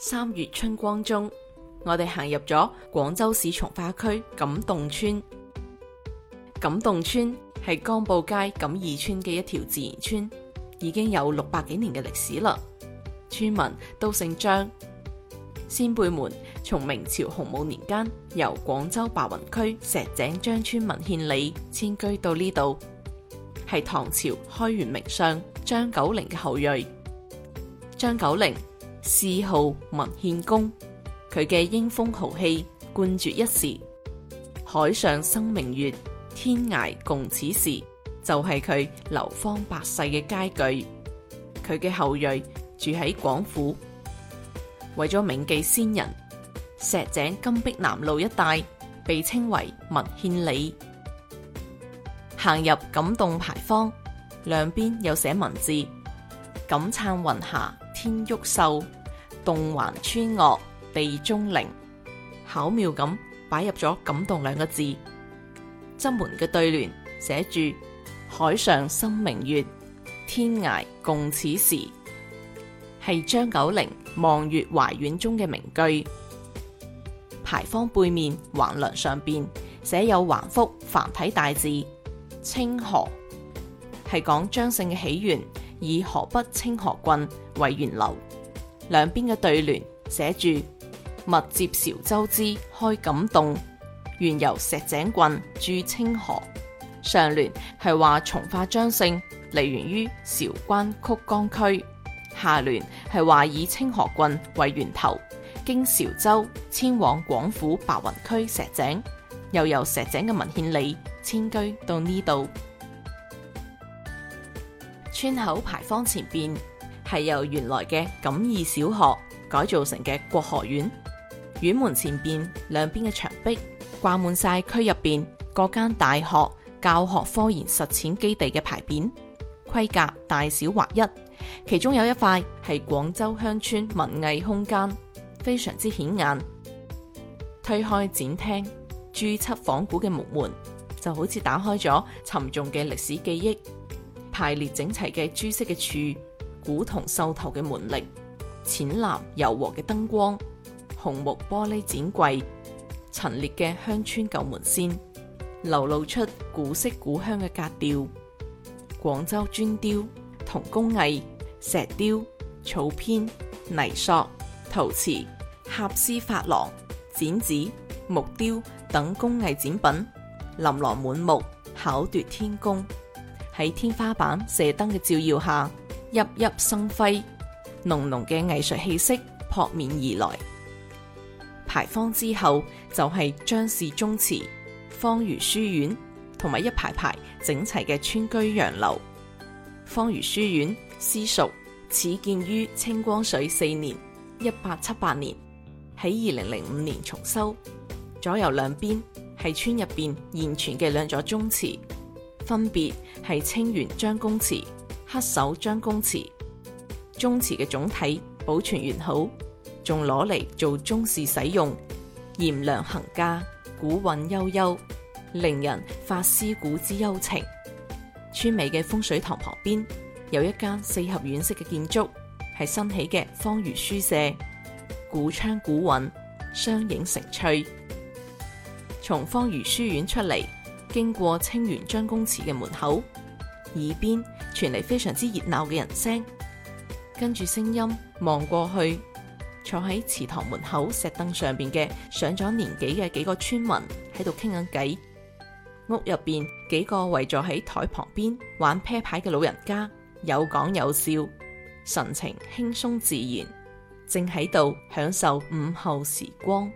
三月春光中，我哋行入咗廣州市從化區錦峒村。錦峒村係江埔街錦二村嘅一條自然村，已經有六百幾年嘅歷史啦。村民都姓張，先輩們從明朝洪武年間由廣州白雲區石井張村文獻里遷居到呢度，係唐朝開元名相張九齡嘅後裔，張九齡。四號文獻公，佢嘅英風豪氣冠絕一時。海上生明月，天涯共此時，就係、是、佢流芳百世嘅佳句。佢嘅後裔住喺廣府，為咗銘記先人，石井金碧南路一帶被稱為文獻里。行入感動牌坊，兩邊有寫文字：錦燦雲霞，天玉秀。峒環川嶽地鍾靈，巧妙咁擺入咗錦峒兩個字。側門嘅對聯寫住“海上生明月，天涯共此時”，係張九齡望月懷遠中嘅名句。牌坊背面橫梁上邊寫有橫幅繁體大字“清河”，係講張姓嘅起源，以河北清河郡為源流。兩邊嘅對聯寫住：脈接韶州支開錦峒，原由石井郡著清河。上聯係話從化張姓嚟源於韶關曲江區，下聯係話以清河郡為源頭，經韶州遷往廣府白雲區石井，又由石井嘅文獻里遷居到呢度。村口牌坊前邊。係由原來嘅錦二小學改造成嘅國學院。院門前邊兩邊嘅牆壁掛滿晒區入邊各間大學教學科研實踐基地嘅牌匾，規格大小劃一，其中有一塊係廣州鄉村文藝空間，非常之顯眼。推開展廳朱漆仿古嘅木門，就好似打開咗沉重嘅歷史記憶，排列整齊嘅朱色嘅柱。古銅獸頭嘅門鈴，淺藍柔和嘅燈光，紅木玻璃展櫃陳列嘅鄉村舊門扇，流露出古色古香嘅格調。廣州磚雕、銅工藝、石雕、草編、泥塑、陶瓷、掐絲、珐琅、剪紙、木雕等工藝展品，琳琅滿目，巧奪天工。喺天花板射燈嘅照耀下，熠熠生輝，濃濃嘅藝術氣息撲面而來。牌坊之後就係張氏宗祠、芳茹書院同埋一排排整齊嘅村居洋樓。芳茹書院私塾始建於清光緒四年（一八七八年），喺二零零五年重修。左右兩邊係村入邊現存嘅兩座宗祠，分別係清源張公祠。克守張公祠，宗祠嘅總體保存完好，仲攞嚟做宗事使用。檐梁桁架，古韻悠悠，令人發思古之幽情。村尾嘅風水塘旁邊有一間四合院式嘅建築，係新起嘅芳茹書舍，古窗古韻，相映成趣。從芳茹書院出嚟，經過清源張公祠嘅門口，耳邊，傳嚟非常之熱鬧嘅人聲，跟住聲音望過去，坐喺祠堂門口石凳上邊嘅上咗年紀嘅幾個村民喺度傾緊偈。屋入邊幾個圍坐喺台旁邊玩啤牌嘅老人家，有講有笑，神情輕鬆自然，正喺度享受午後時光。